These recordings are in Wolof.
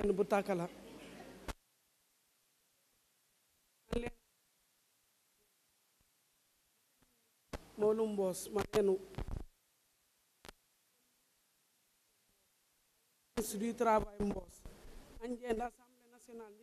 en bu tàkkala moolu mboos ma leenu du travail mboos anjeen assemblée nationale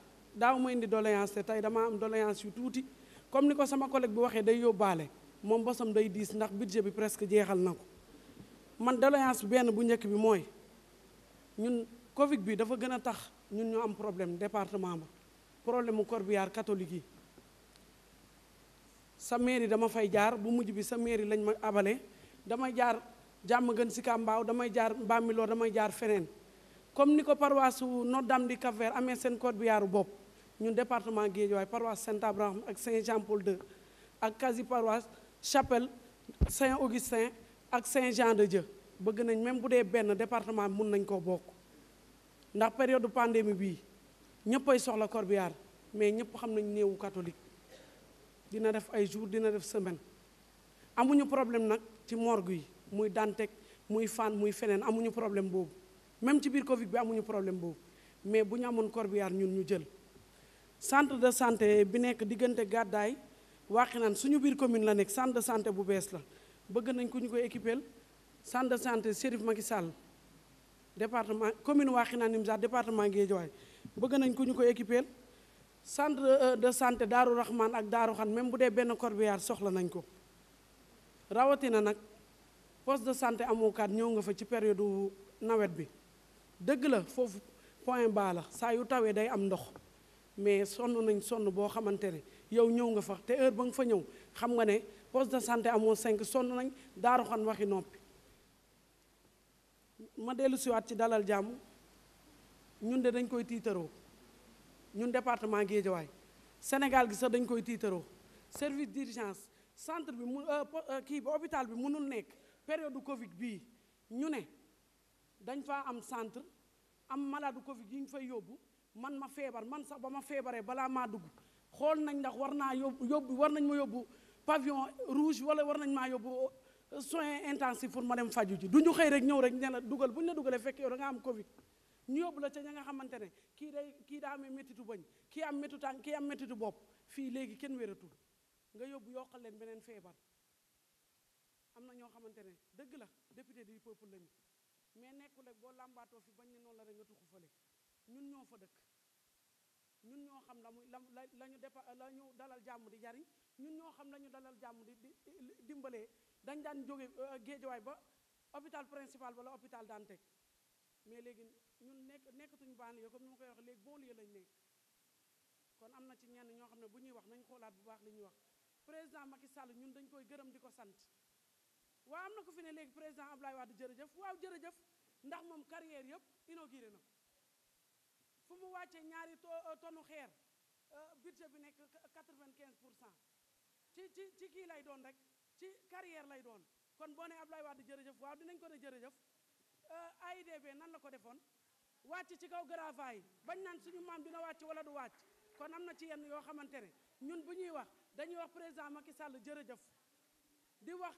daaw ma indi doléance te tey dama am doléance yu tuuti comme ni ko sama collègue bi waxee day yóbbaale moom bosam day diis ndax budget bi presque jeexal na ko man doléance benn bu njëkk bi mooy ñun Covid bi dafa gën a tax ñun ñu am problème département ba problème mu corbillard catholique yi sa mairie dama fay jaar bu mujj bi sa mairie lañ ma abale damay jaar jàmm gën si kàmbaaw damay jaar Mbambilor damay jaar feneen comme niko paroisse Notre Dame du Cap-Vert amee seen corbillard bopp ñun département Guédiawaye paroisse Saint Abraham ak Saint Jean Paul II ak quasi paroisse Chapelle Saint Augustin ak Saint Jean de Dieu bëgg nañ même boudé ben département mën nañ ko bok ndax période pandémie bi ñeppay ay soxla corbillard mais ñepp xam nañ néewu catholique dina def ay jours dina def semaine amuñu problème nak ci morgue yi muy dantek muy fan muy fenen amuñu problème boobu même ci biir covid bi amuñu problème boobu mais bu amone corbiar ñun ñu jël centre de santé bi nekk diggante gàddaay waaxinaan suñu biir commune la nek centre de santé bu bees la bëgg nañ ko ñu ko équipeel centre de santé Chérif Macky Sall département commune waaxinaan Nimzaat département Guédiawaye bëgg nañ ko ñu ko équipeel centre euh, de santé Rahman ak daru Khan même bu dé ben corbiar soxla nañ ko na nak poste de santé amukaat ñoo nga fa ci période nawet bi dëgg la foofu point bas la saa yu tawee day am ndox mais sonn nañ sonn boo xamante ne yow ñëw nga fa te heure ba nga fa ñëw xam nga ne poste de santé amoo cinq sonn nañ daaru xan waxi noppi ma dellu siwaat ci dalal jàmm ñun de dañ koy tiitaroo ñun département Guédiawaye Sénégal gi sax dañ koy tiitaroo service d'urgence centre bi mu euh, euh, kii bi hôpital bi mënul nekk période Covid bii ñu ne dañ faa am centre am malade Covid yi ñu fay yóbbu man ma feebar man sax ba ma feebaree balaa maa dugg xool nañ ndax war naa yóbbu yóbbu war nañ ma yóbbu pavillon rouge wala war nañ maa yóbbu euh, soin intensifs pour ma dem faju ji du ñu xëy rek ñëw rek ne la dugal bu ñu ne dugalee fekk yow da nga am Covid ñu yóbbu la ca ña nga xamante ne kii day kii daa amee métitu bañ kii am métitu tànk kii am métitu bopp fii léegi kenn wératul nga yóbbu yokkal leen beneen feebar am na ñoo xamante ne dëgg la député du peuple lañu mais nekkul rek boo làmbaatoo fi bañ ne noonu la rek nga tuxu fële ñun ñoo fa dëkk ñun ñoo xam la muy la la ñu dépa la ñu dalal jàmm di jariñ ñun ñoo xam la dalal jàmm di dimbalee dañ daan jóge euh, géejuwaay ba hôpital principal ba la hôpital daan teg mais léegi ñun nekk nekkatuñu banlieue comme ni mu koy wax léegi banlieue lañ nekk kon am na ci ñenn ñoo xam ne bu ñuy wax nañ xoolaat bu baax li ñuy wax président Macky Sall ñun dañ koy gërëm di ko sant waaw am na ko fi ne léegi président lay Abdoulaye du jërëjëf waaw jërëjëf ndax moom carrière yëpp inauguré na ko fu mu wàccee ñaari euh, tonu xeer euh, budget bi nekk 95 pour cent ci ci ci kii lay doon rek ci carrière lay doon kon boo lay Abdoulaye Wade jërëjëf waaw dinañ ko ne jërëjëf euh, AIDB nan la ko defoon wàcc ci kaw grava yi bañ naan suñu maam dina wàcc wala du wàcc kon am na ci yenn yoo xamante ne ñun bu ñuy wax dañuy wax président Macky Sall jërëjëf di wax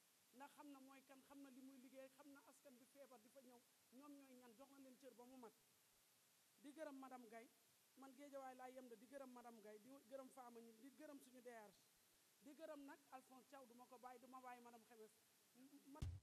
xam na mooy kan xam na li muy liggéey xam na askan bi feebar di fa ñëw ñoom ñooy ñan jox na leen cër ba mu mag di gërëm madame gay man géejawaay laa yem de di gërëm madame gay di gërëm faama ñi di gërëm suñu DRG di gërëm nag Alphonse Thiaw duma ko bàyyi duma bàyyi madame Xemes